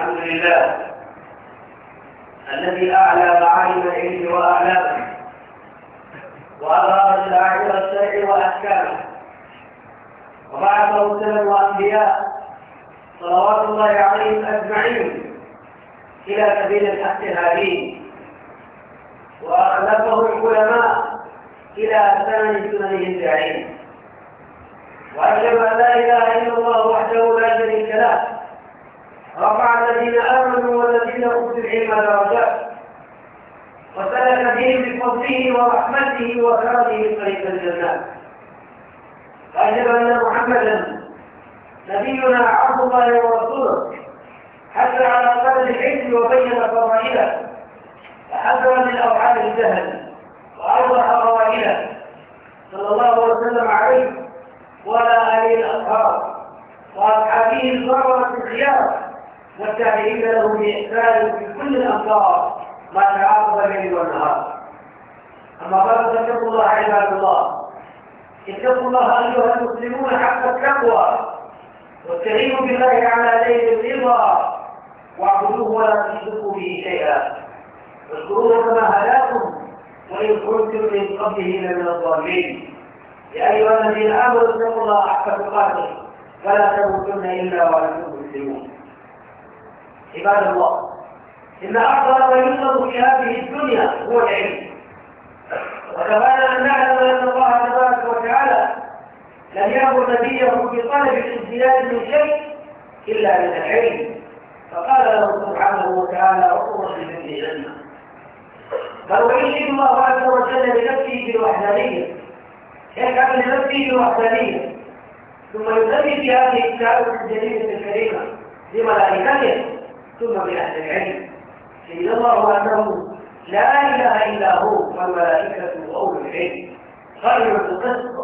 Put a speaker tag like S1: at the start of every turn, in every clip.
S1: الحمد لله الذي أعلى معالم العلم وأعلامه وأظهر الأعين الشرع وأحكامه وبعث رسلا وأنبياء صلوات الله عليهم أجمعين إلى سبيل الحق هذه وأخلفه العلماء إلى سنن سننه الزعيم وأشهد أن لا إله إلا الله وحده لا شريك له رفع الذين آمنوا والذين أوتوا العلم درجات وسلك بهم بفضله ورحمته وكرمه طريق الجنه واجب أن محمدا نبينا عبد الله ورسوله حتى على قدر العلم وبين فضائله فحذر من أوعاد الجهل وأوضح قوائله صلى الله وسلم عليه وعلى آله الأطهار وأصحابه الكرامة الخيار والتابعين لهم بإحسان في كل الأمطار ما تعاقب الليل والنهار أما بعد فاتقوا الله عباد الله اتقوا الله أيها المسلمون حق التقوى واستعينوا بالله على ليل الرضا واعبدوه ولا تشركوا به شيئا واذكروه كما هداكم وإن كنتم من قبله لمن الظالمين يا أيها الذين آمنوا اتقوا الله حق تقاته ولا تموتن إلا وأنتم مسلمون عباد الله إن أفضل ما يطلب في هذه الدنيا هو العلم وكمان أن نعلم أن الله تبارك وتعالى لم يأمر نبيه بطلب الازدياد من شيء إلا من العلم فقال له سبحانه وتعالى وقوة في الجنة بل ويشهد الله عز وجل لنفسه بالوحدانية يشهد لنفسه بالوحدانية ثم يسمي في هذه الكتابة الجليلة الكريمة لملائكته ثم بأهل العلم في الله أنه لا إله إلا هو والملائكة وأولو العلم خير القصد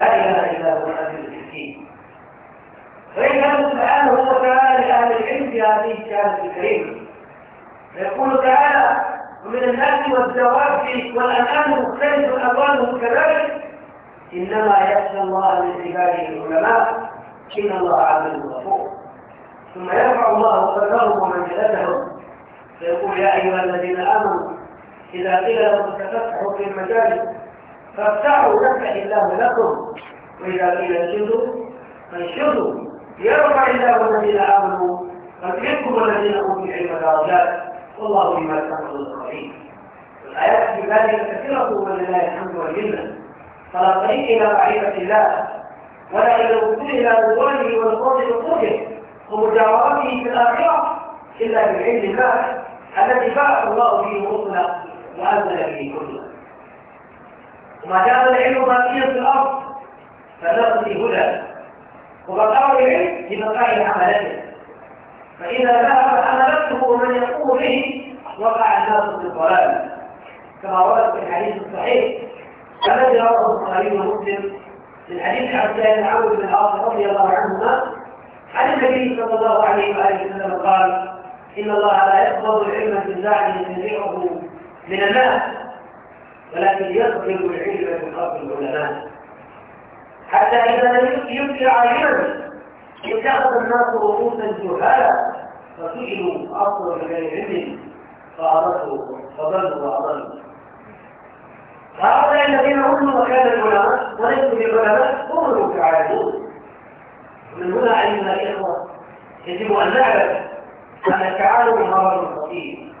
S1: لا إله إلا هو العزيز فإن
S2: فإنه سبحانه
S1: وتعالى لأهل العلم في هذه الشهادة الكريمة فيقول تعالى ومن الناس والدواب والأنعام مختلف ألوانهم كذلك إنما يخشى الله من عباده العلماء إن الله عبد غفور ثم يرفع الله قدره ومنزلته فيقول يا أيها الذين آمنوا إذا قيل لكم تفتحوا في المجالس فافتحوا يفتح الله لكم وإذا قيل انشدوا فانشدوا يرفع الله الذين آمنوا فاكرمكم الذين أوتوا العلم درجات والله بما تعملون خبير الآيات في ذلك كثيرة ولله الحمد والمنة فلا طريق إلى معرفة الله ولا إلى الوصول إلى رضوانه والفضل بطوله ومجاورته في الآخرة إلا بالعلم الفائق الذي فاق الله به رسلا وأنزل به كله وما دام العلم باقيا في الأرض فالناس في هدى وبقاء العلم لبقاء عملته فإذا ذهب عملته من يقوم به وقع الناس في الضلال كما ورد في الحديث الصحيح الذي رواه البخاري ومسلم من حديث عبد الله بن عمرو بن العاص رضي الله عنهما عن النبي صلى الله عليه وآله وسلم قال إن الله لا يقبض العلم الزعم ينزعه من الناس ولكن يقبض العلم بقبض العلماء حتى إذا لم يبقي عالما اتخذ الناس رؤوسا جهالا فسئلوا أصلا بغير علم فأردوا فضلوا وأضلوا هؤلاء الذين هم مكان العلماء وليسوا بالعلماء هم المتعادون من هنا أيها الإخوة يجب أن نعلم أن هو مرض خطير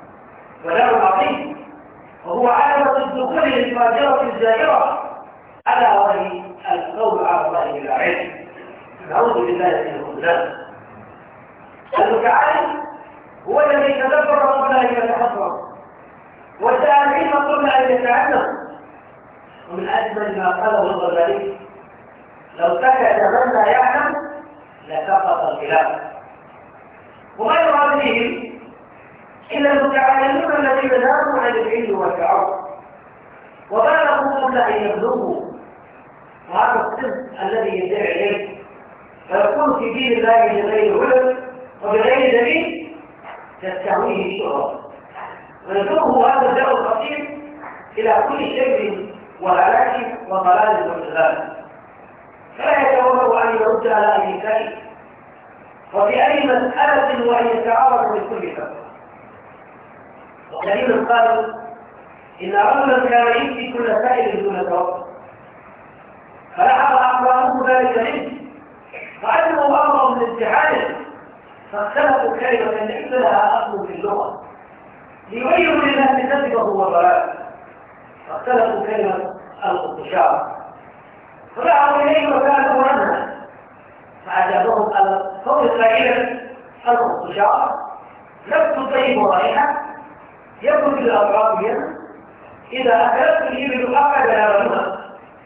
S1: ودار عظيم وهو علامة الدخول للفاجرة الزائرة على وهي القول على الله العلم نعوذ بالله من الخذلان المتعالي هو الذي تدبر قبل أن يتحضر وسال علم قبل أن يتعلم ومن أجمل ما قاله الغزالي لو كان يتمنى يعلم لسقط الخلاف وغير هذه إلا المتعلمون الذين داروا عن العلم والشعور وبالغوا قبل أن يبلغوا وهذا الصدق الذي يدعي إليه فيكون في دين الله بغير علم وبغير دليل تستهويه الشعور ويدعوه هذا الدعوة الخطير إلى كل شيء وهلاك وضلال وانتظار فلا يتوقع أن يرد على أي شيء وفي أي مسألة وأن يتعارض بكل فقه ودليل قالوا إن رجلا كان يمشي كل سائل دون توقف فلاحظ أقوامه ذلك منه وعلموا بعضهم لاستحاله فاختلفوا كلمة ليس لها أصل في اللغة ليبينوا لله كذبه وضلاله فاختلفوا كلمة القشار رجعوا إليه وكانوا عنها فأجابهم هم إسرائيل الخبز شعر نفس الطيب رائحة يبدو في الأطراف إذا أكلت الإبل أقعد يرونها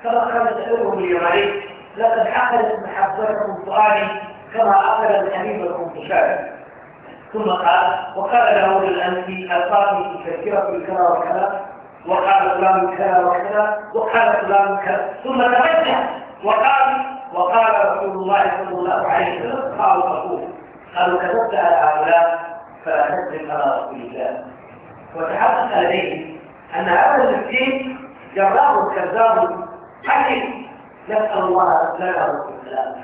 S1: كما كانت أمهم اليماني لقد أكلت محبتكم سؤالي كما أكل الحبيب الخنفشاري ثم قال وقال له للأنس ألقاني تذكرة الكرى وكذا وقال فلان كذا وكذا وقال فلان كذا ثم تفجع وقال وقال رسول الله صلى الله عليه وسلم قال رسول قالوا كتبت على هؤلاء فلا تكذب على رسول الله وتحقق لديه ان هذا المسكين جراه كذاب حكيم نسال الله لنا الاسلام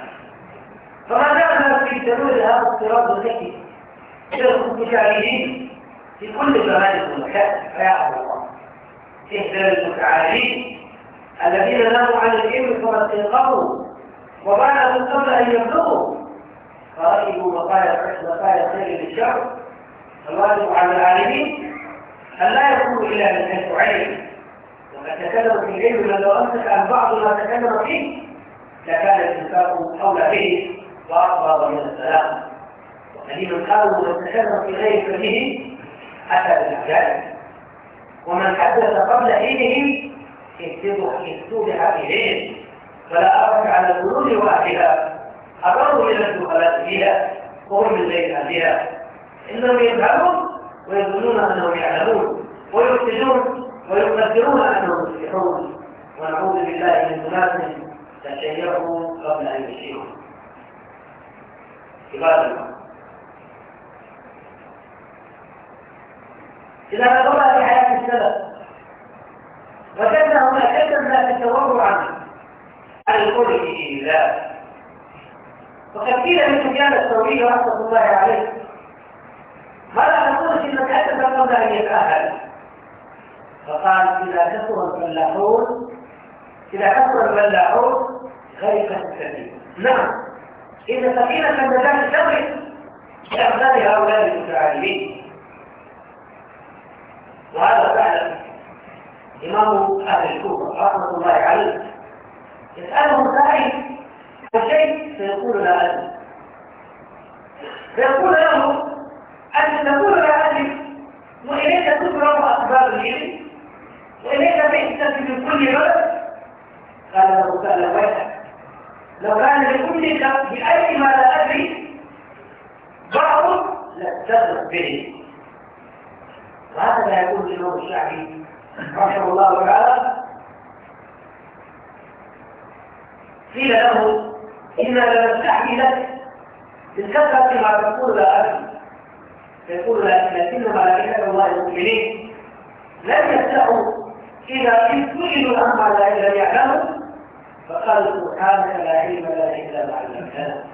S1: فما دام في تنوير هذا الصراط الذكي الى المجاهدين في كل زمان ومكان فيا الله إحدى المتعالين الذين نهوا عن الإبل فمسقوا وبعدهم قبل أن يبلغوا فرأيوا بقايا بقايا خير للشر الواجب على العالمين أن لا يكونوا إلا من حيث عين وما تكلم في العلم لو أمسك عن بعض ما تكلم فيه لكان الإنفاق حول به وأكبر من السلام وقليل قالوا من تكلم في غير فيه أتى بالعجائب ومن حدث قبل حينه اتبع إليه فلا أرك على القلوب واحدة أقرب إلى الدخلاء فيها وهم من ليل أهلها إنهم يفعلون ويظنون أنهم يعلمون ويفسدون ويقدرون أنهم يصلحون ونعوذ بالله من أناس تشيعوا قبل أن يشيعوا عباد الله إذا ما في حياة السلف وكان هناك كلمة تتورع عن الكل إلى وقد قيل من سفيان الثوري رحمه الله عليه ماذا نقول في من كتب قبل ان يتاهل فقال اذا كثر الفلاحون اذا كثر الفلاحون غرقت الكثير نعم اذا سفينه النجاه تغرق باقدار هؤلاء المتعلمين وهذا فعلا إمام أهل الكوفة رحمة الله عليه يسأله الداعي عن شيء فيقول لا أدري فيقول له أنت تقول لا أدري وإليك تكبر أسباب العلم وإليك تأتي من كل بلد قال له سأل ويحك لو كان لكل بأي ما لا أدري بعض لاتخذ به وهكذا يقول الإمام الشعبي رحمه الله تعالى قيل له إنا لنستحيي لك من كثرة ما تقول لا أبي يقول لكن ملائكة الله المؤمنين لم يفتحوا إذا إن سئلوا أما لا يعلموا فقالوا سبحانك لا علم لا إلا ما علمتنا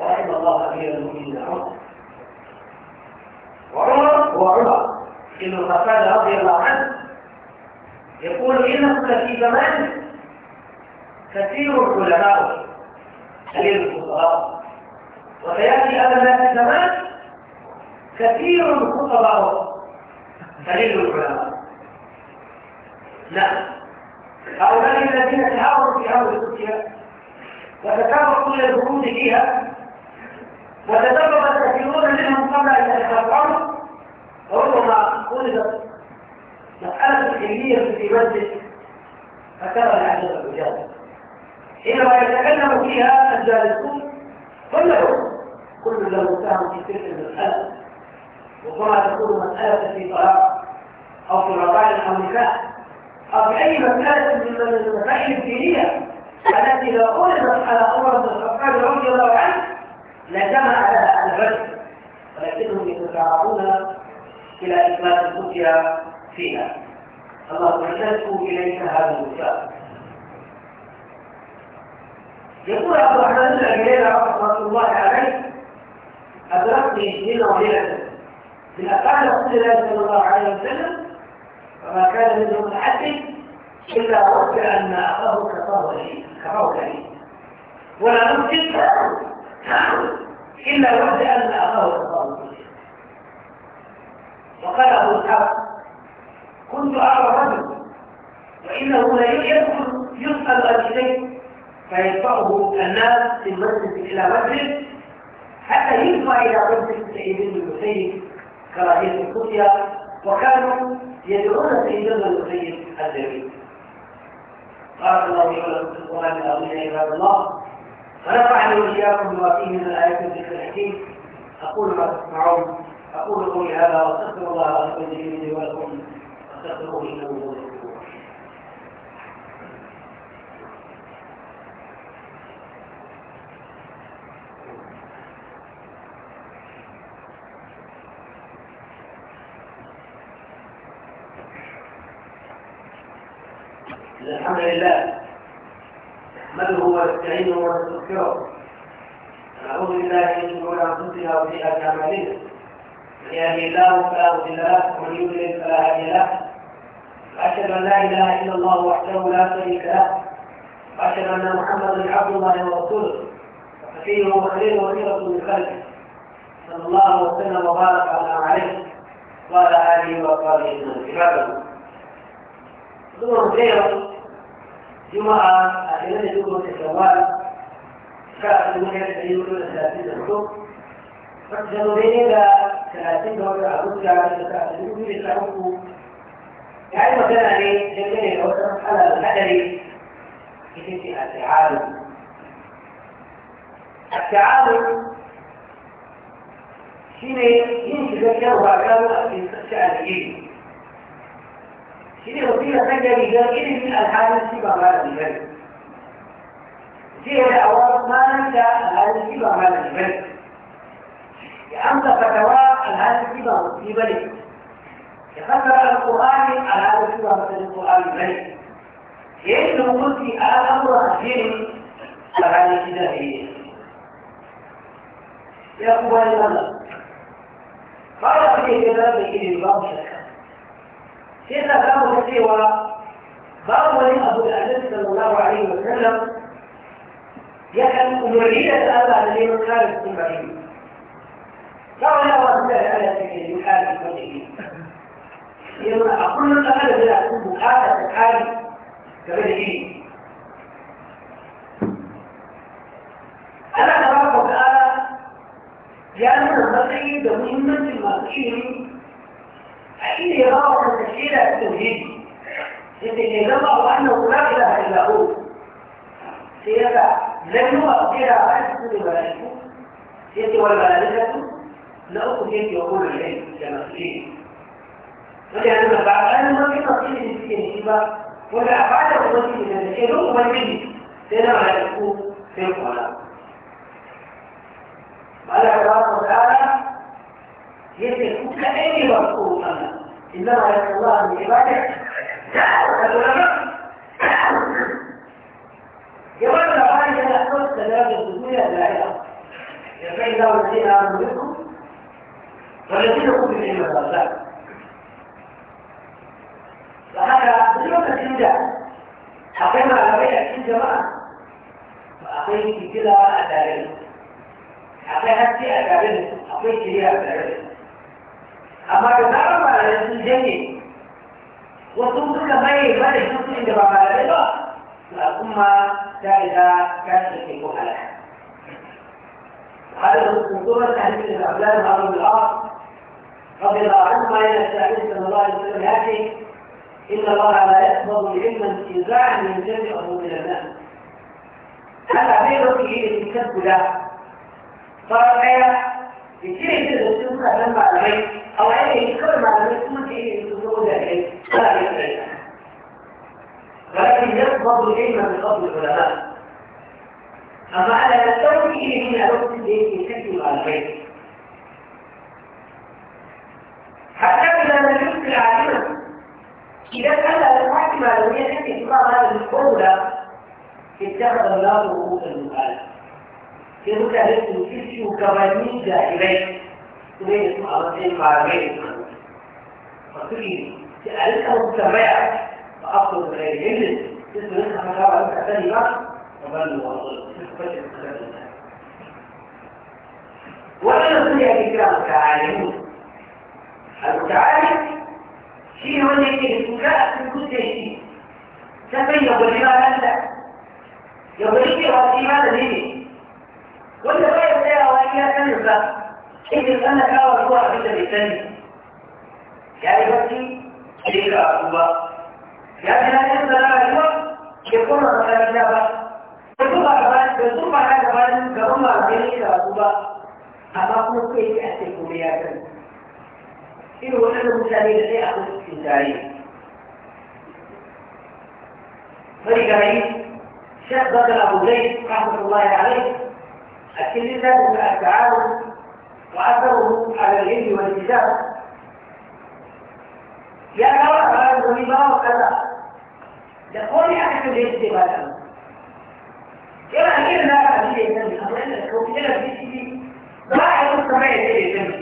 S1: ورحم الله أمير المؤمنين عمر وعمر وعمر ابن قتادة رضي الله عنه يقول إنه في زمان كثير العلماء قليل الخطباء وسيأتي أبدا في زمان كثير الخطباء قليل العلماء نعم هؤلاء الذين تهاوروا في أمر الدنيا وتتابعوا كل الهروب فيها وتدرب كثيرون منهم قبل أن يتفرقوا ربما ولدت مسألة الحلية في مسجد فكان العجب الإجابة حينما يتكلم فيها الجالسون كلهم كل له سهم في تلك المسألة ربما تكون مسألة في طلاق أو في رضاع أو أو في أي مسألة من المسائل الدينية التي لو أولدت على عمر بن الخطاب رضي الله عنه لجمع لها الرجل ولكنهم يتفاعلون إلى إثبات الرؤيا فيها الله رسلت إليك هذا الوفاء يقول عبد الرحمن الأجلال رحمة الله عليه أدركني اثنين وليلة من أفعال رسول الله صلى الله عليه وسلم وما كان منه متحدث إلا رد أن أخاه كفاه لي كفاه لي ولا نمسك إلا رد أن أخاه كفاه لي وقاله الحق كنت أرى رجل وإنه لا يدخل يسأل عن شيء فيدفعه الناس من مسجد إلى مسجد حتى يدفع إلى مسجد سيدنا بن المسيب كراهية الكتية وكانوا يدعون سيدنا بن المسيب الجميل قال الله يعلم في القرآن العظيم يا عباد الله ونفعني وإياكم بما فيه من الآيات الذكر الحكيم أقول ما تسمعون أقول قولي هذا وأستغفر الله لكم لي ولكم أستغفروه إنه هو الحمد لله نحمده ونستعينه ونستغفره نعوذ بالله من شرور انفسنا وسيئات اعمالنا يهدي الله فلا مضل له ومن يضلل فلا هادي له واشهد ان لا اله الا الله وحده لا شريك له واشهد ان محمدا عبد الله ورسوله وفيه وخير وخيره من خلقه صلى الله وسلم وبارك على عليه وعلى اله واصحابه اجمعين عباد الله ثم جمعة أخيرا جمعة الشوال شاء المنية الذي يقول الثلاثين الحكم فالجنوبين إلى يعني ما كان عليه جلاله او حدا الحدري في التعالي التعالي شنو ينشر كانوا هكذا في الشعر الجديد شنو في الحدري جلاله في الحدري في بعض الجبل جاء الاول ما نشا الحدري في بعض الجبل يا امتى فتوى على الكبر في بلد يفسر القرآن على الكبر مثل القرآن بلد يجب نقول في الأمر الدين يا أخوان الله ما بإذن الله شكا إذا كانوا سوى باب ولي أبو الأنس صلى الله عليه وسلم يكن أمرية الآباء لمكان السمعين كما نرى مثال على سبيل المحال في يقول أقول لك أنا بلا أكون محالة الحالي كبدئي أنا تبارك وتعالى جعلنا نرتقي بمهمة المرسيم حين يضعوا التشكيل التوحيدي التي يضعوا أنه لا إله إلا هو سيادة لن يؤثر على كل ملائكة سيادة والملائكة لا أخذ يقول إليه كمسكين ولأن بعد ما في نصيب من الكنيسة ولا بعد نصيب من الكنيسة لو أبدي سنة على الكون في القرآن قال الله تعالى يتركوك أي مرقوم أنا إنما يتقى الله من عبادك يقول العالم أن أصدق ثلاثة دنيا لا يرى يفعل الله الذين آمنوا منكم والذين هم بالعلم الغلبان فهذا اليوم الجنة حقيقة على بيع الجماعة وأقيم كلا أدارين حقيقة في أدارين أقيم كلا أدارين أما بالنعم على الجنة وصوت كمية ما يجوز عند بابا الرضا فأقوم سائدة كانت تكون على هذا الخطورة تهديد الأولاد هذا بالأرض رضي الله عنهما الى النبي صلى الله عليه وسلم هذه ان الله لا يقبض العلم انتزاعا من جميعه من الناس هذا بيرك الكتب ده صار ايه بكثير جدا تكون امام معلمين او ايه يذكر معلمين تكون ايه تقول ده ايه لا ايه ولكن يقبض العلم بفضل العلماء اما على التوجيه من الوقت اللي يكتب البيت حتى إذا يمكن عالما إذا كان الحاكم لم يحكم إمام هذه القولة اتخذ الله رؤوسا مخالفة يقول لك تمشي كوانين جاهلين تريد أن معلومين فكري سألت أو سمعت فأخذ غير علم تسمع لك ما شاء الله كلمة ومن هو ولا نصيحة كلامك المتعارف شيء هو اللي يتجاء في كل شيء كفي يضرب هذا يضرب هذه ماذا ليه ولا بقى بتاع وهي كان بقى إذا أنا كاوى هو أبدا بالثاني يعني بكي ليك أبوه يعني لا ينسى لا هو يكون مثلا بقى يكون بعد يكون بعد كمان كمان ما بيني أبوه أما كنت كيف أتكلم يا كنت irin waɗannan mutane da ɗaya akwai cikin شاب بكر أبو زيد رحمة الله عليه التلميذ له التعاون وأثره على العلم والانتساب لأن هذا الربا وكذا لقول أحد الجنس ما له كما أكيد لا أعلم شيئا من أمرنا لكم إلى الجنس ما أعلم سمعي شيئا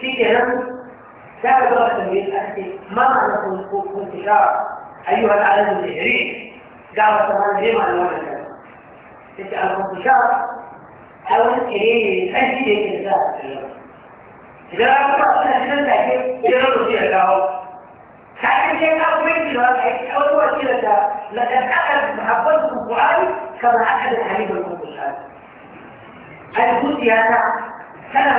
S1: في كلام كان بلغة تنبيه ما معنى كنت شعر أيها العالم الهجري قال كمان ليه معنى وانا كلام أنت كنت شعر حاولت إيه أنت ليه كنزاء إذا لا أفضل أن أحسن تأكيد يرد فيها كهو كان شيء أو في الوضع أو إيه؟ إيه الوسيلة إيه؟ لقد أخذ محبتكم القرآن كما أخذ الحبيب المنطقة أنا قلت يا كان أنا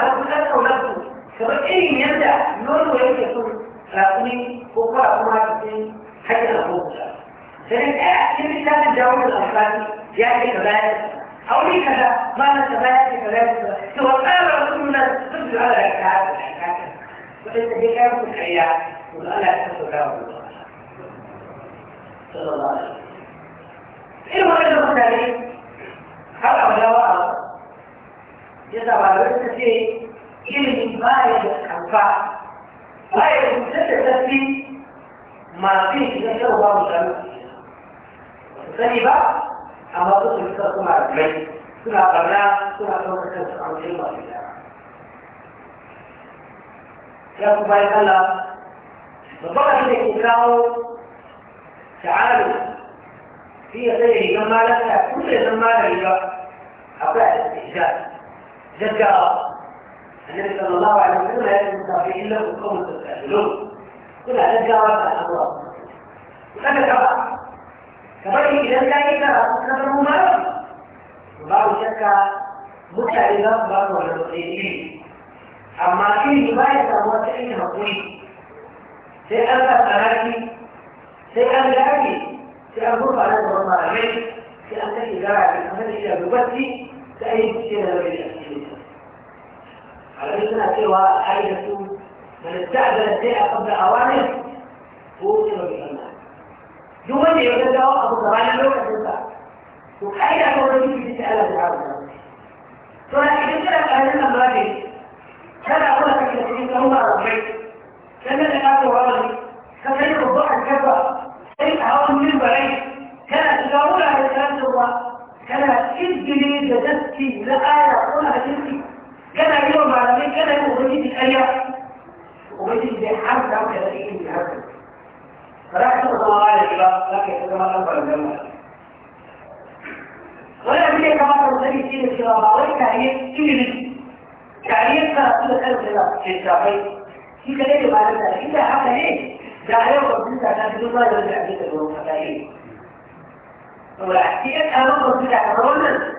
S1: أو أنا kamar irin yadda nono yake son rakuni ko kuma kuma cikin hanyar abubuwa sai ɗaya cikin littafin jawo da amfani ya ce ka bayar أولي كذا ما نتباهي كذا ثم قال رسولنا تبدو على الكعبة فإنت بك أنت الحياة وأنا أكتب الله صلى الله عليه وسلم إيه مغلق الثاني هل أولا وأرى يدعو على وسط فيه ما يتكفى ما ما فيه نشر بعض الأمور ثاني بقى أما تصل إلى سمع الميت سمع قبلها سمع سمع كنت عن علم يا أبو باي الله بطلع كده كنكاو تعالوا في غير زمالة كل زمالة يبقى أبقى الإجازة جدّا النبي صلى الله عليه وسلم لا يجب التابعين له وقوم تستعجلون كل هذا جاء على الأمراض وكذا كفى كفى إذا كان يكره نفره مرض وبعض شك متعبة بعض المسلمين أما في رواية أبو سعيد مقبول سيأل أبنائي سيأل لأبي سيأل أبو على الله عليه سيأل تكي جارة في الأمر إلى بوتي سأيد سيأل على سنة سوى حاجة من استعجل الشيء قبل أوانه أوصل بالإيمان يوم يرجع أبو زمان لو أنت وحاجة أقول لك في سؤال العالم فأنا إذا كان أهلنا مراجع كان أقول لك إذا كنت الشريعة ومش اللي حد عم يلاقيه في هذا فلا تتطلع على الشباب لكن كما أكبر الجمال ولا بد كما تنتهي في الخلافة والتعليم كل تعليم ترى كل الخلاف في الشافعي في كلام ما لنا إلا حتى ليه جاهل وقبلت على كل ما يرجع في الروح فكاهي ولا أحكي لك أنا وقبلت على رجل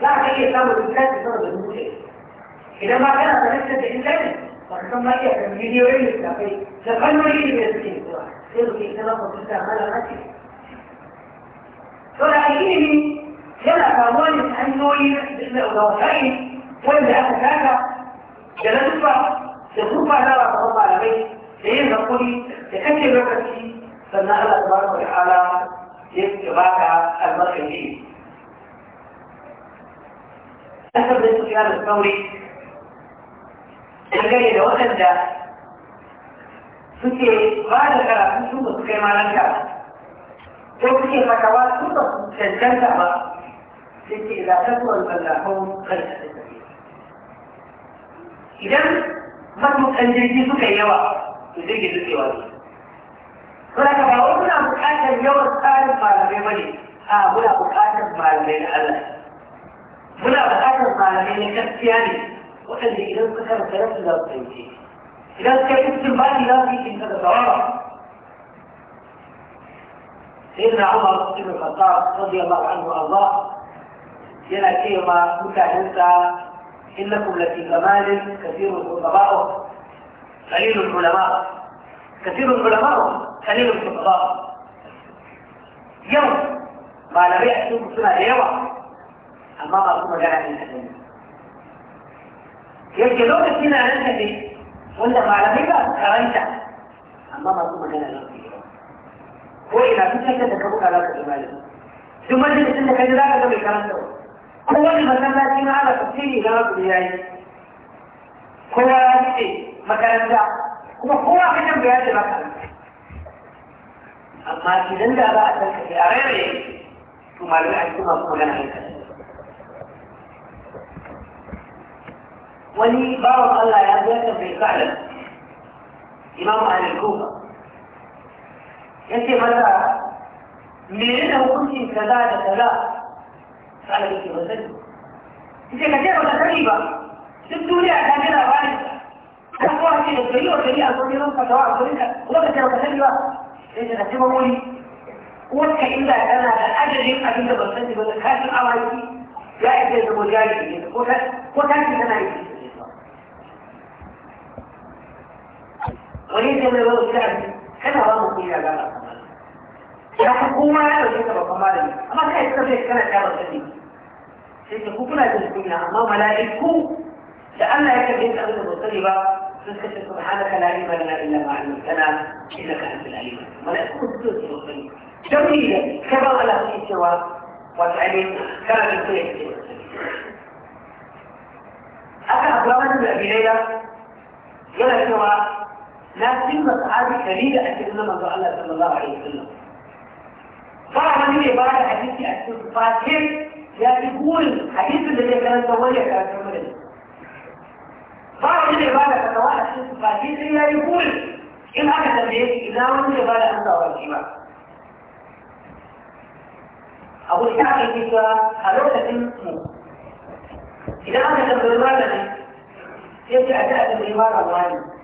S1: لا أحكي لك أنا وقبلت على رجل idan ma kana fahimtar da intanet ba ka san ma iya kan miliyoyin littafai da kalmomi da suke zuwa sai su ke ita ma kwamfuta malama ce to da aiki yana kamuwa ne ta hanyoyi da wani wanda aka taka da na tufa da tufa na ba kamar malamai da yin hakuri da kake lokaci sannan Allah ta baraka da ala ya baka albarkan ne. Asar da su fiya da sauri dangane da waɗanda suke ba da karatu su ba su kai malanta ba ko suke fatawa su ba su cancanta ba suke zatattuwar zallafon kanta da idan matukan jirgi suka yawa to jirgi suke wani Suna ka ba wani na bukatar yawan tsarin malamai ba ne, a muna bukatar malamai na Allah. Muna bukatar malamai na gaskiya ne, وقال لي إذا كثر ثلاث لا تنتهي إذا تكلمت المال لا فيك أن تتضرر سيدنا عمر بن الخطاب رضي الله عنه وأرضاه yana ce ma mutanensa innakum lafi zamalin kasirun khutba'u qalilul ulama kasirun ulama qalilul khutba yau malamai a cikin suna da yawa amma masu magana ne kadan yake lokaci na nan tafi wanda malamai ba su karanta amma masu magana ne ko ina duk yadda da ka buka za ka ji malami duk majalisin da ka ji za ka ga mai karanta ko wani masallaci na ala tafsiri na ku ya yi kowa ya ce makaranta kuma kowa ka jan bayani ba ka amma idan da za a san ka a rairaye to malamai a cikin masu magana hankali ولي بعض الله يا ذاك في فعلا إمام أهل الكوفة يأتي مثلا من أنه كنت كذا كذا فعلا يأتي وزنه إذا كثير من الكريبة سبتوا لي أعتمدها وعليك أخوة في الكريبة وكريبة أقول لهم فتواع أقول لك وضع كثير من الكريبة إذا كثير من مولي وكا إلا أنا أجل يبقى كنت بسنتي بسنتي بسنتي بسنتي بسنتي بسنتي بسنتي بسنتي بسنتي بسنتي بسنتي بسنتي بسنتي بسنتي بسنتي بسنتي وليه zai mai wuce kana ba mu kuya ga ya ku kuma ya dauke ka babban malami amma kai ka ce kana ta ba sani sai ku kuna da kunya amma mala'iku da Allah ya kalle ka da ba sani ba sun kace subhanaka la ilma lana illa ma 'allamtana innaka antal alim mala'iku su ce ba sani dole ne ka ba Allah shi cewa wato ainihin kana da kunya ce aka abuwa wani da abirai yana cewa لكن صحابي كريم أكيد لما قال صلى الله عليه وسلم صار من عبارة حديث الفاتح يقول حديث الذي كان سويه كان سويه
S2: صار من عبارة
S1: أكيد حديث الفاتح يقول إن أنا تبديك إذا من عبارة أنت أول شيء أقول أبو الشعب يقول هلوكة مو إذا أنا تبديك إذا أتأت العبارة الغالية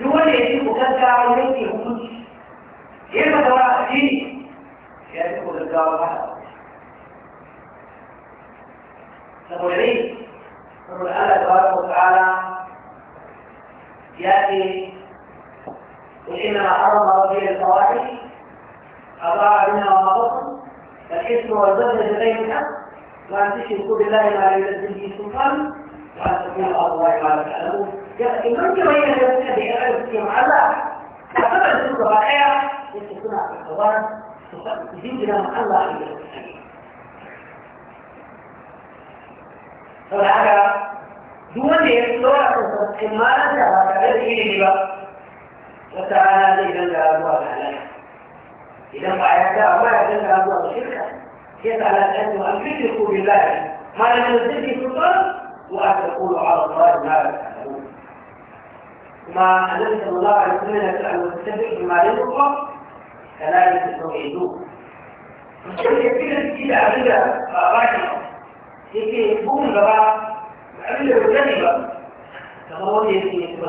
S1: duk wanda ya ci ko gaggawa yanke hukunci ya ka zama a addini ya ci ko gaggawa ba saboda ne saboda Allah da wata ta'ala ya ce وإنما حرم ربي الفواحش أضاع منها وما بطن الإثم والبغي بغير الحق وأن تشركوا بالله ما لم ينزل به سلطان وأن تطيع الله ما لا تعلمون لكن من يبين لك بأعلم في معلّة فكما تلك رائعة يتكون في الحوار تزيد لهم الله إلى فلعل دون يسوع ما لا تعلم إليه وتعالى إذا لا أبواب عليها
S2: إذا فعلت أبواب
S1: لا أبواب شركة كيف على أن تشركوا بالله ما لم ينزل به سلطان وأن تقولوا على الله ما لا تعلمون كما النبي الله عليه وسلم يسأل المتبع بما لم يقرأ كذلك توعدون كثير كثير أعمال راكبة يمكن يكون بقى أعمال مجانبة كما هو يمكن يكون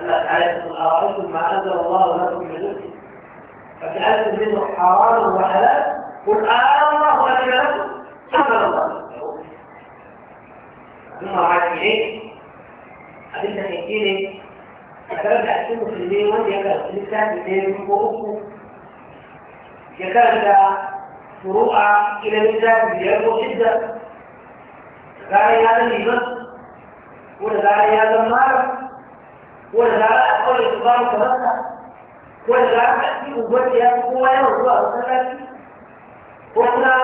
S1: الله تعالى يقول أرأيتم ما أنزل الله لكم من رزق فجعلتم منه حراما وحلالا قل آه الله أجل أمر الله ثم رجعت إليه قابلت حكيلي الكلام ده أكتبه في الميل وأنت يا كلام لسه بتنين فروقه يا كلام ده فروقة إلى لسه بيجربوا شدة قال هذا الإيمان ولا قال هذا النار ولا قال أقول الإخبار كمان ولا قال تأتي وجود يا قوة يا وجود وقلنا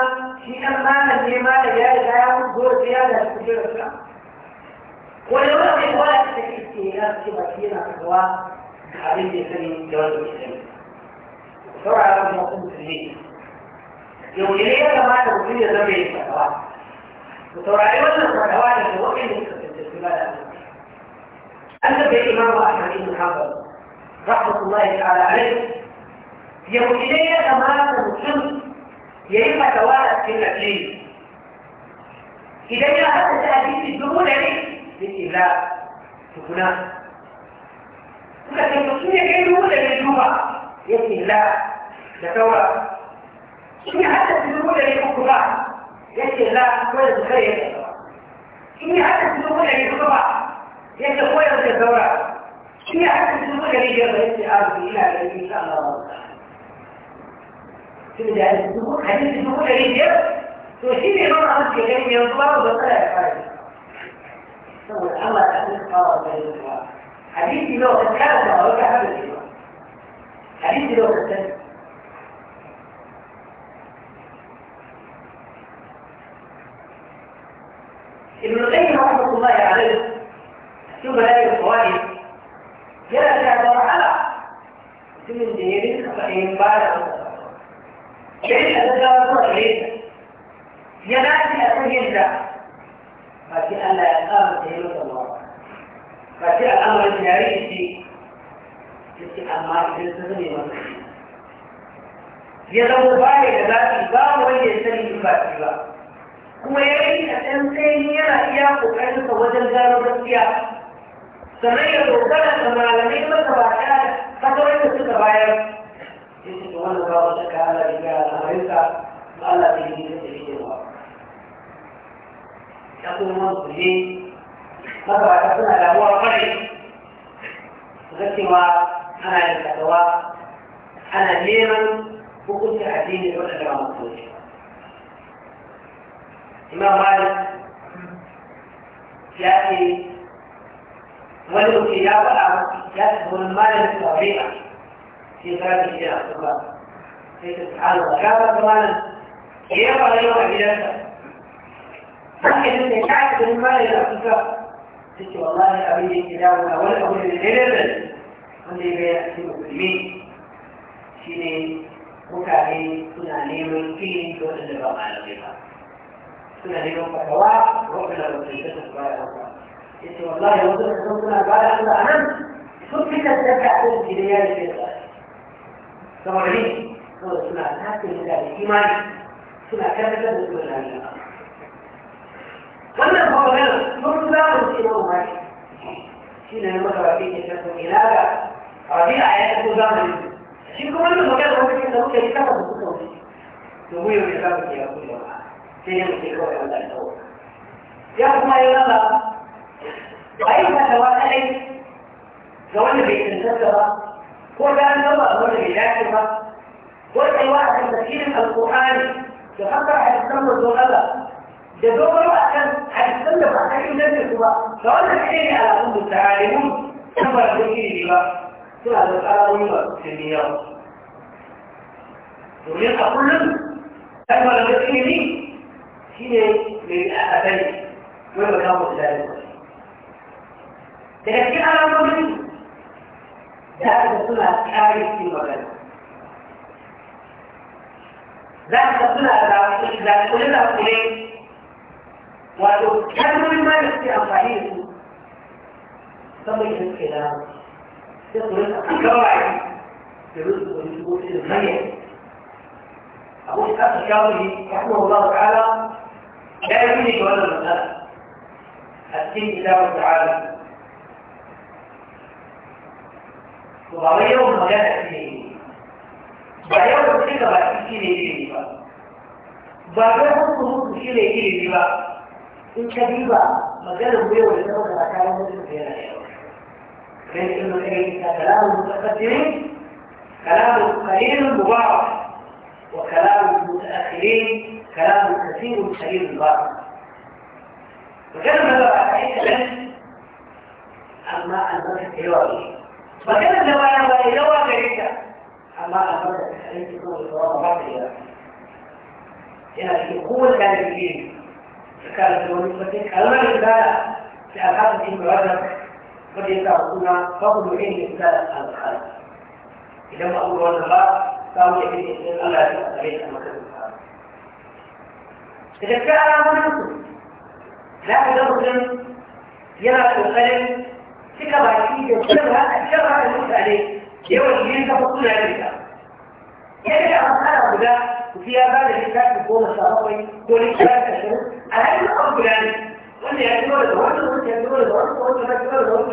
S1: في أمانة لما لا يجب أن يكون دور زيادة في الإسلام ولو لم ولا تستفيد هنا في مسيرة هو حديث الإسلام جواز الإسلام بسرعة رب مقوم في يوم إليه كما تقول يا زميل الفتوات بسرعة في الفتوات اللي في إليه كتبت أنت بالإمام أحمد بن حنبل رحمة الله تعالى عليه يوم إليه كما تقول يجب أتوالد في الأجليل إذا جاء هذا الحديث الدخول عليه لإلاء سكناء ولكن سنة كيف يقول للجوبة يأتي إلاء لتوى سنة حتى تقول للحكومة يأتي لا كويس خير سنة حتى تقول للحكومة يأتي خير في الدورة سنة حتى تقول لي يأتي آل في إلاء إن شاء الله الله سنة حتى تقول للجوبة يأتي إلاء سنة حتى تقول للجوبة يأتي إلاء سوى حديثي لو تتكلم ما رجع قبل الإخوان حديثي لو تتكلم ابن القيم رحمه الله عليه شو بلاقي الفوائد جاء في هذا المرحلة من دير فإن بعد كيف أتجاوز العيد ينادي أتجاوز لكن ألا تهمة الله فشيء الأمر النهائي شيء شيء أمر يلتزم يمسك ya zama baya da zafi ba wanda ya sani in ba shi ba kuma ya yi a can sai yana iya kokarinsa wajen gano gaskiya sannan ya dogara da malamai masa ba ta fasarar da suka bayar ya ce to wannan babu shakka Allah ya gara lamarinsa ba Allah ta yi da ta yi da ba ya kuma wani mabata suna damuwa kwarai ga cewa ana yin katawa ana neman hukunci addini da waɗanda ba mutunci imam malik ya ce wani mutum ya faɗa ya ce wani malin tafiya sai ka ji ina kuma sai ta tsara da ka ga malin ya faɗa yau a gidansa
S2: haka ne sai ka ji wani malin
S1: tafiya تشي والله أبي يكداونا ولا أبي الهلبن wanda ya gaya cikin musulmi shi ne mutane suna neman ilimi da waɗanda ba malamai ba suna neman fatawa waɗanda ba su yi kasa su bada hauka ya ce wallahi wasu da kan suna bada hauka a nan sun fi tattaka a kan gidan yari ke da saboda ne saboda suna tafiya da imani suna karkatar da su da lalata wannan maganar sun za mu ce mu mai shi ne maka ba kai ke san ina ga rabi'a ya yi ko zamani shi kuma wannan maganar lokacin da muka yi kafa da suka wuce domin yau ne za mu ce ya kulle ba sai ne mu ce kawai an da tsawo ya kuma yi rana ba yi fatawa kaɗai ga wanda bai cancanta ba ko da an gaba ga wanda bai dace ba ko tsayuwa a kan tafsirin alƙur'ani da haka a cikin manzon Allah da dogaro a kan hadisan da ba a kan da su ba da wannan shi ne alamun da ta'alimun kan ba da shi ne ba suna da tsararrun ba su ne yau domin a kullum kan ba da shi ne shi ne mai a asali wai ba kawo da dalilin ba daga cikin alamomin da aka suna kare cikin magana za ka suna da kulle da kulle wato kalmomin ma da suke amfani da su saboda da suke da sai su rinka kawai da rinka wani shigo shi da zanya abu da kasa shawari ya kuma Allah ta'ala ya yi ne ga wannan matsala a cikin kitabun ta'ala to ba wai yawan magana shi ne ba yawan kuɗi gaba shi ne ilimi ba ba wai hukumar shi ne ilimi ba in ka diba maganar mai wani zama da kayan mutum da yana yawa kai in mun kai ta kalamu mutaqaddimin kalamu qalilun mubarak wa kalamu mutaakhirin kalamu kathirun qalilun mubarak maganar da ba a yi kalan amma albarka da yawa ne maganar da ba ya ba yawa gare ta amma albarka da kalan ta kuma da yawa ba ta yawa yana cikin kowace da tsakanin da wani mutum kalmar ibada da alhaji cikin mawajar wanda ya samu suna babu da yin ibada da alhaji idan ba kuma wannan ba samu da yin ibada Allah ya a gare a makarin sa da ka alamomin su za ka ga mutum yana kokarin cika baki da shirra a shirra da mutane yawan yin kafa suna yin ta yadda a matsala guda وفيها بعد الكتاب الجون الشرطي دول الكتاب الشهور على هذا الأمر يعني واللي يعتبر دول واللي يعتبر الغرب دول يعتبر الغرب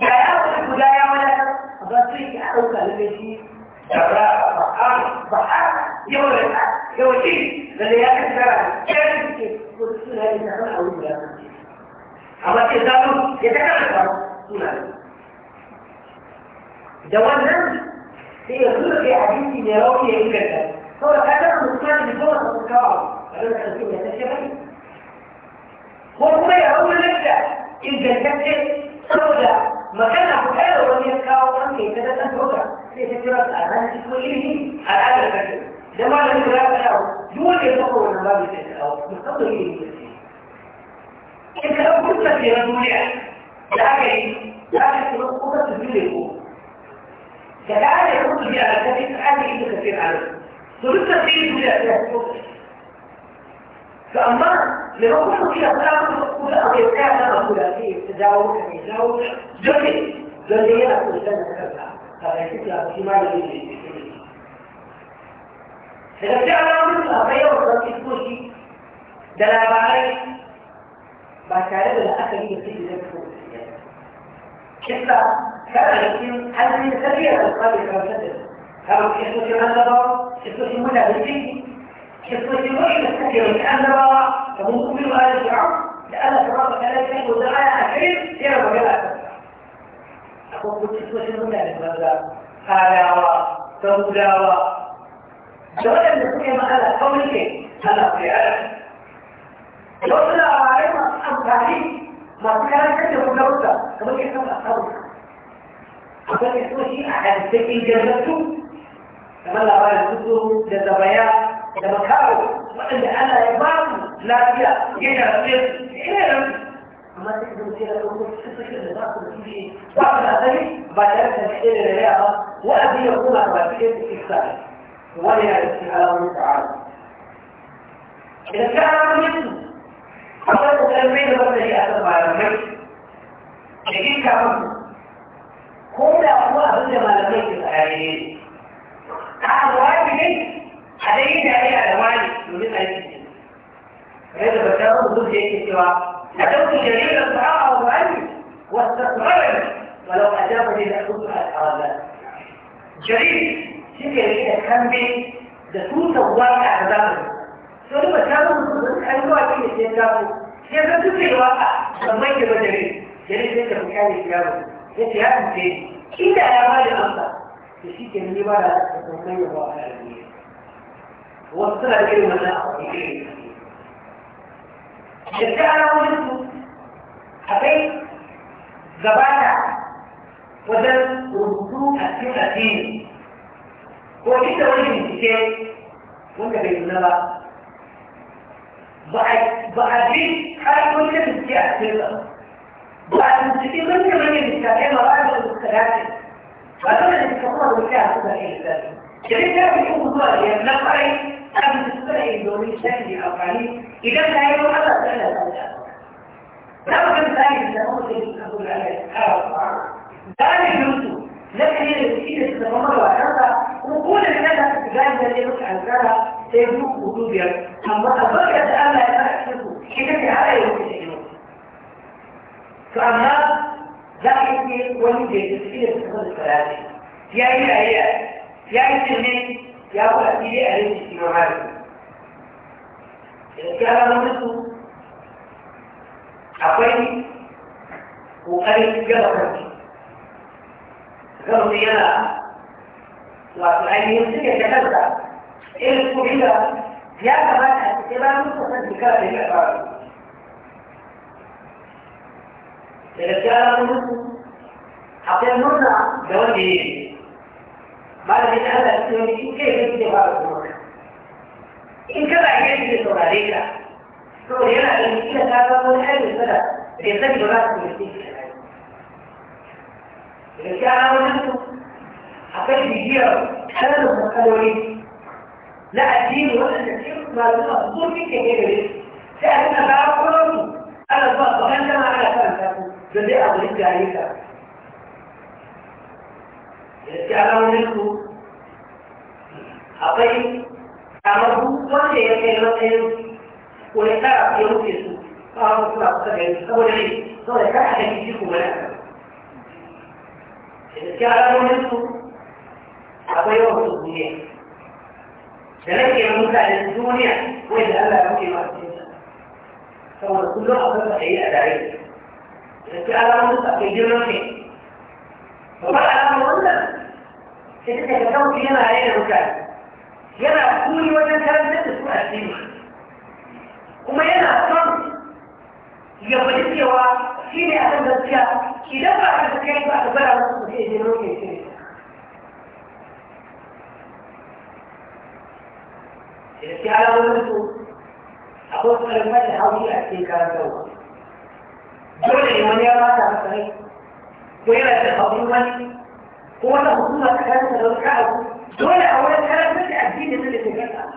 S1: لا يعمل لا يعمل بسيط أو كلمتي شراء بحار بحار يوم الأحد يوم الدين للي يأكل شراء كيف يكون هذه النحن أو الغرب
S2: أما كذلك يتكلم
S1: الغرب ده وانا في يقول في حديث نيراوي يقول كذا هو الحكم مكان الجمله التكرار هو اول نبدا يبدا الكابتن سودا مكانها في الحاله ولم يتكاو ولم يتدخل سودا في تكرار الاذان في كله على هذا الفكر ده ما لم يتكرر الاول دول يتقوا من باب الاول مستقبل ايه انت لو كنت في رجوليه لا كريم لا تكون قدرة تبني للقوة كذلك يكون في الأساس أهل إبن كثير عليه ثلاثة فيه ولا فأما لما كنت في أفلام تقول أغير كان أقول فيه تداول كم يداول جميل جميل أقول لنا كذا هذا يكتب في ما يجري إيه؟ إذا كان أمر أغير وصلت كوشي دلالة عليه بعد كده لا أخلي يصير زي كده كده كان يمكن أن يستطيع القلب كما أو حصة النظر حصة المنافقين حصة الوحدة لأن نظر فممكن أن يدعو لأن فرق ثلاثة ودعاء أخير يرى وجلاء أقول حصة المنافقين قال وتولا جوالا نسمي على قولك على قيادة لولا أعلم أمثالي ما كان كده لولا كما يحصل أصابك وكان يسوي شيء على السكين جلبته فمن رأى يسده جد بيان إذا مكاره وإن أنا إمام لا بيا يجعل فيه حلم فما تكذب فيها الأمور تكذب فيها لذاته في شيء بعد ذلك بيان تنحيل الرياضة وأبي يقول أنا بيان في إكسابه ولا يأتي على تعالى إذا كان أمر يسده قبل المسلمين بطريقة أكبر على الملك يجيب كامل كل أقوى بدل ما لم يكن أعيدين a wani ne a dai da ya da wani domin a yi ne da ba ta rubu da yake cewa da dauki jarida ta hawa wani واستقرارا ولو أجابني لأخذ على الحوالات جريد شكل كان بي da su tawaka a zamani sai ba ta mun sun kai wa ki da ta ku sai da su ke waka ban mai da dare dare sai ta kuka ne yaro yace ya ce inda ya ba تشيك اللي ولا تكون هو وصل الكلمة لا يجي أنا وجدت حبي زبادة وزن وضوء أسير أسير وجدت وجد الكتاب وانت بين بعد بعد بعد بعد بعد بعد بعد بعد بعد بعد بعد بعد بعد بعد فأنا أتفضل بالكاس بأي ذلك كذلك يكون مضاري يمنقعي أم تستعي دوري شكلي أو عليم إذا لا يوم هذا سألة سألة لو كنت أعلم أن أمري أقول على أربعة ذلك يوسف لكن هي الوسيلة تتمر وأنها وكل الناس تتجاهل اللي يروح على الزرع سيبوك وجوديا أما أبقى تأمل أن أكتبه كيف تعالى يوم فأما لكن في وليد تسكيل التخذ الثلاثي يا إلى إلى يا إسلمين يا أولا إلى أهل الاجتماعات إذا كان نمسه أقوي وقال جبا ربي ربي أنا وأعني يمسك يتكذب إلى الكبيرة يا كمان أتكلم نمسه تنسي كلا للإعراب daga gyara mutu akwai murna da wanda ya yi malamin da Allah ya yi in kai zai da ba su murna in ka ba ya yi da saurare ka saboda yana da mutum da ka samu wani aikin sana da ya sani ba za su mutum shi da gyara mutu akwai bibiyar ƙananan matsaloli na addini waɗanda ke masu masu zurfi ke gare sai a tuna ba kuma su ana zuwa ba an jama'a ana karanta su sai dai a wurin gare ka da ke alamomin ku akwai kamar wanda ya kai matsayin ko ya kara ya wuce su kawo suna kusa da yanzu saboda ne saboda kar a gani shi kuma na da ke alamomin ku akwai yawan su duniya
S2: da rage mutanen duniya wanda Allah
S1: ya wuce masu yin saboda kullum akwai matsayi a dare da alamun da ke girman ne ba alamun wannan sai suka ga kawai yana yana dole ne wani ya ba ta masa ko yana da haɗin wani ko wata hukuma ta kasa da wani abu dole a wani karantar da addinin da ke kasa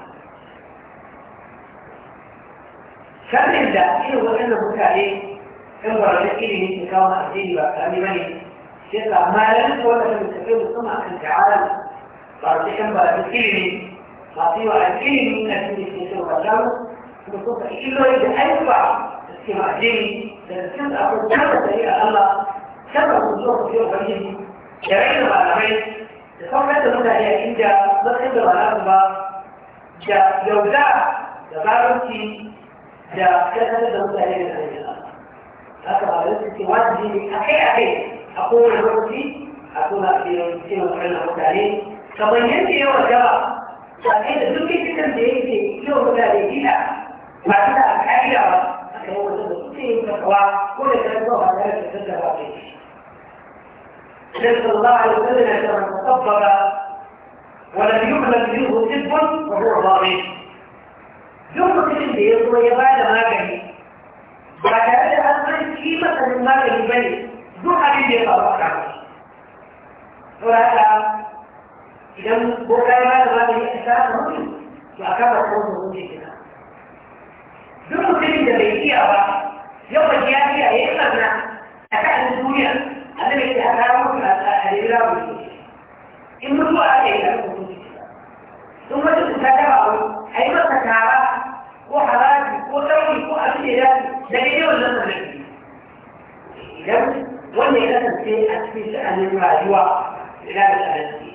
S1: sharrin da irin waɗannan mutane ɗan barazan ilimi ke kawo addini ba kami ba ne sai ka malamin ko wata littattafai musamman akan ta'ala ba su ɗan barazan ilimi masu yawa a ilimi na cikin da ke kawo ba kuma suka illoli da ayyuka da suke ma addini dan kada ku kada sai Allah kada ku zo ku yi wani da rai da malamai da sauran da mutane a inda ba sai da malamai ba da yauda da barci da kada da mutane da rai haka ba da suke wajibi ne akai akai a kowane lokaci a kuma a cikin cikin wannan mutane kamar yadda yawa jama'a tare da duk cikin da yake yau mutane gida ba su da alƙa'ida ba que hemos hecho sin صلى الله عليه وسلم عندما تكبر ولم يخلق منه كذب وهو ظالم. جملة البيض وهي بعد ما بني. بعد أن أنقذ قيمة من ما بني دون أن يتطرق عنه. وهذا إذا بكى بعد ما بني إنسان مؤمن وأكبر قومه مؤمن. duk mutumin da bai iya ba yau ba ya iya ya yi sarna a kan duniya annabi ya ta kawo mutu a tsakanin rabu in mutuwa aka yi da mutu sun wata cuta ta bawo a yi masa tara ko haraji ko ɗauri ko abin da ya dace daga yau nan da idan wanda ya kasance a cikin sha'anin rayuwa ina da tsaranci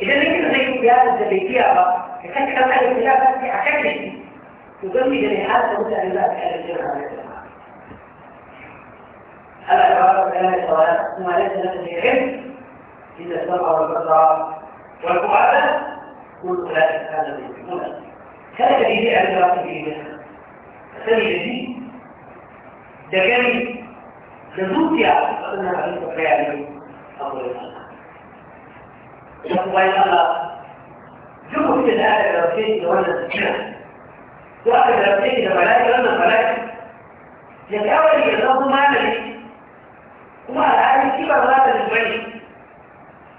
S1: idan likita zai yi ya da bai iya ba ka kasance a cikin sha'anin a kan da shi يسمي جنيهات متألفة في الجنة عليه السلام ألا يعرف أن الصلاة ما ليس لك في إلا السمع والبصر والفؤاد كل أولئك كان منهم كان به علم ربه منها سمي به دجاني لزوجها فإنها عليك فعلا أقول الله يقول الله جمهور الآية الرسول وأنا سكينة واحد لما تيجي لملاك لما ملاك يتأول يدرسوا ما ملك وما هذه كيف هذا الملك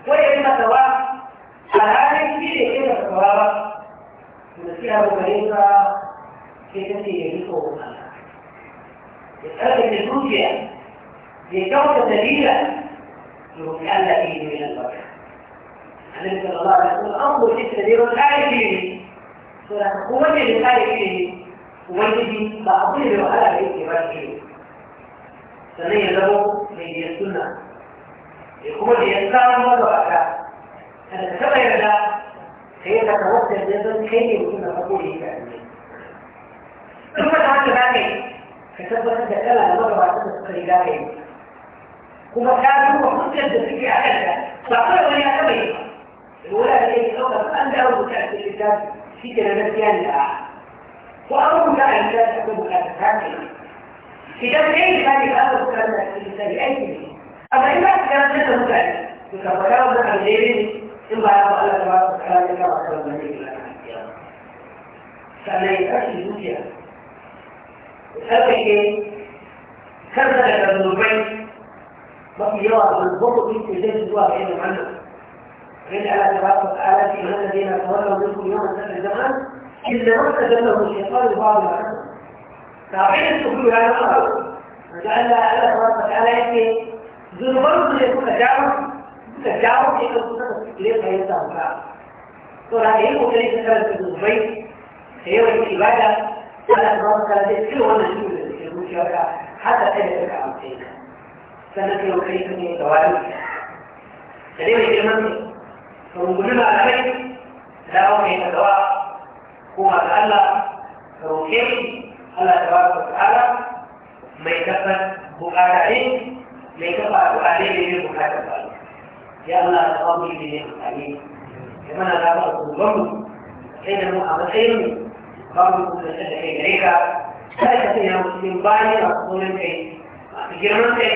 S1: ويجب سواء هذه كيف كيف سواء نسيها بمريضة كيف يجيبه يتأكد الروسيا لكوكب دليلا يمكن أن من البركة أن صلى الله عليه وسلم أمر في السبيل الآية ko wanda ya kare ilimi ubangiji ba abu ne da wahala da yake ba shi sannan ya zama mai biyar suna ya kuma da ya samu maka baka kada ka taɓa yarda ka yi ka wata da zan kai ne mutum na farko da ya kare ne duk wata haka za ka yi ka tabbatar da kala da maka baka da suka riga ka yi kuma ka duba hujjar da suke a kanta ba kawai wani ya taɓa yi ba wani da ya ɗauka ba an da rubuta a cikin littafi في كلمات جامعة وأول لا إنسان تكون الأفهام في ده ليه ما يبقى كلام الإنسان أي شيء أما إما كلام ده مزعج يبقى كلام ده مزعج ثم يبقى الله تبارك وتعالى كما لك النبي فما يبقاش الدنيا وسبب ايه؟ كذا لما النبي بقي يقع بالضبط في الجنس جوا بعيد عنه من على تراث آلاتي من الذين تولوا منكم يوم السبت الجمعة إلا ما استجبه الشيطان الفاضل عنه فأحيث تقول على الأرض وجعل على تراث آلاتي ذنوبهم يكون تجاوز تجاوز يكون تجاوز يكون ترى هي مختلفة في دبي هي والعبادة على تراث آلاتي كل وانا شيء حتى تجد عن سنة وكيف يتوالد. كلمة كلمة rungumi malamai dawo mai tsawa kuma ga Allah ka roƙe Allah ta baka ta'ala mai kasar bukata ne mai kafa addu'a ne da yin bukata ba ya Allah ta kawo mu ne amfani ya mana da ba ku ba mu sai da mu a matsayin mu ba mu kusa da kai gare ka sai ka sanya mu cikin bayan masu tsoron kai masu girman kai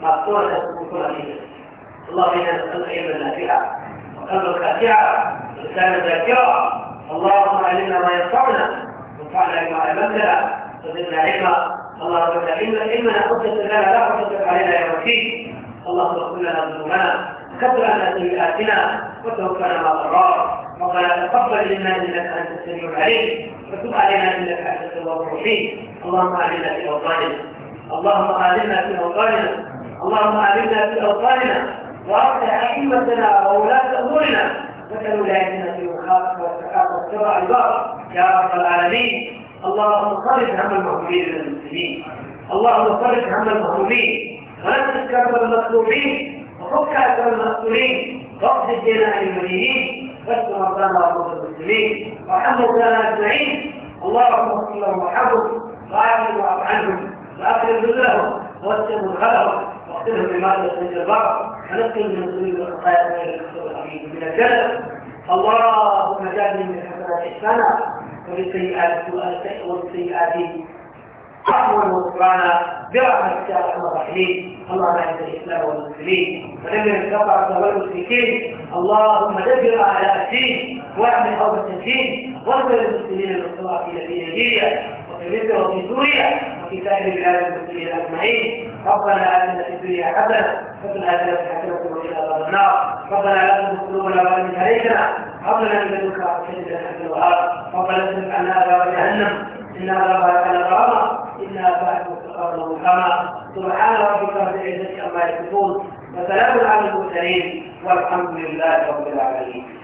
S1: masu tsoron da su kuma Allah ya nasa alƙayyar da lafiya قلب خاشعا لسان ذاكرا اللهم علمنا ما ينفعنا وانفعنا بما علمتنا وزدنا علما اللهم علمنا علما علمنا حجة لنا لا حجة علينا يا الدين اللهم اغفر لنا ذنوبنا وكفر عنا سيئاتنا وتوفنا ما الابرار ربنا تقبل منا انك انت السميع العليم وتب علينا انك انت التواب الرحيم اللهم علمنا في اوطاننا اللهم علمنا في اوطاننا اللهم علمنا في اوطاننا وأرجع أئمتنا وولاة أمورنا وكل ولايتنا في مخالفة والتكاثر والسرع البر يا رب العالمين اللهم صرف هم المهمين للمسلمين اللهم صرف هم المهمين ونفس كرب المطلوبين وفك أسر المسؤولين واقض الدين عن المدينين واشف مرضانا ومرضى المسلمين وارحم موتانا اجمعين اللهم صل وسلم وحفظ وعافهم واعف عنهم واكرم ذلهم واسلم غلهم سر لماذا سيد البعض نسكن من سبيل الخطايا غير الحميد من الجنة اللهم جعلني من الحسنات احسانا ومن سيئات والسيئات رحما وغفرانا برحمتك يا ارحم الراحمين اللهم اعز الاسلام والمسلمين ودمر الكفره والمشركين اللهم دبر اعداء الدين واعمل قوم التنفيذ واغفر المسلمين المستضعفين في نيجيريا وفي مصر وفي سوريا وفي سائر البلاد المسلمين اجمعين ربنا آتنا في الدنيا حسنة وفي الآخرة حسنة وقنا عذاب النار ربنا لا تزغ قلوبنا بعد إذ هديتنا هب لنا من لدنك رحمة إنك أنت الوهاب ربنا اصرف عنا عذاب جهنم إن عذابها كان غراما إنها ساءت مستقرا ومقاما سبحان ربك رب العزة عما يصفون وسلام على المرسلين والحمد لله رب العالمين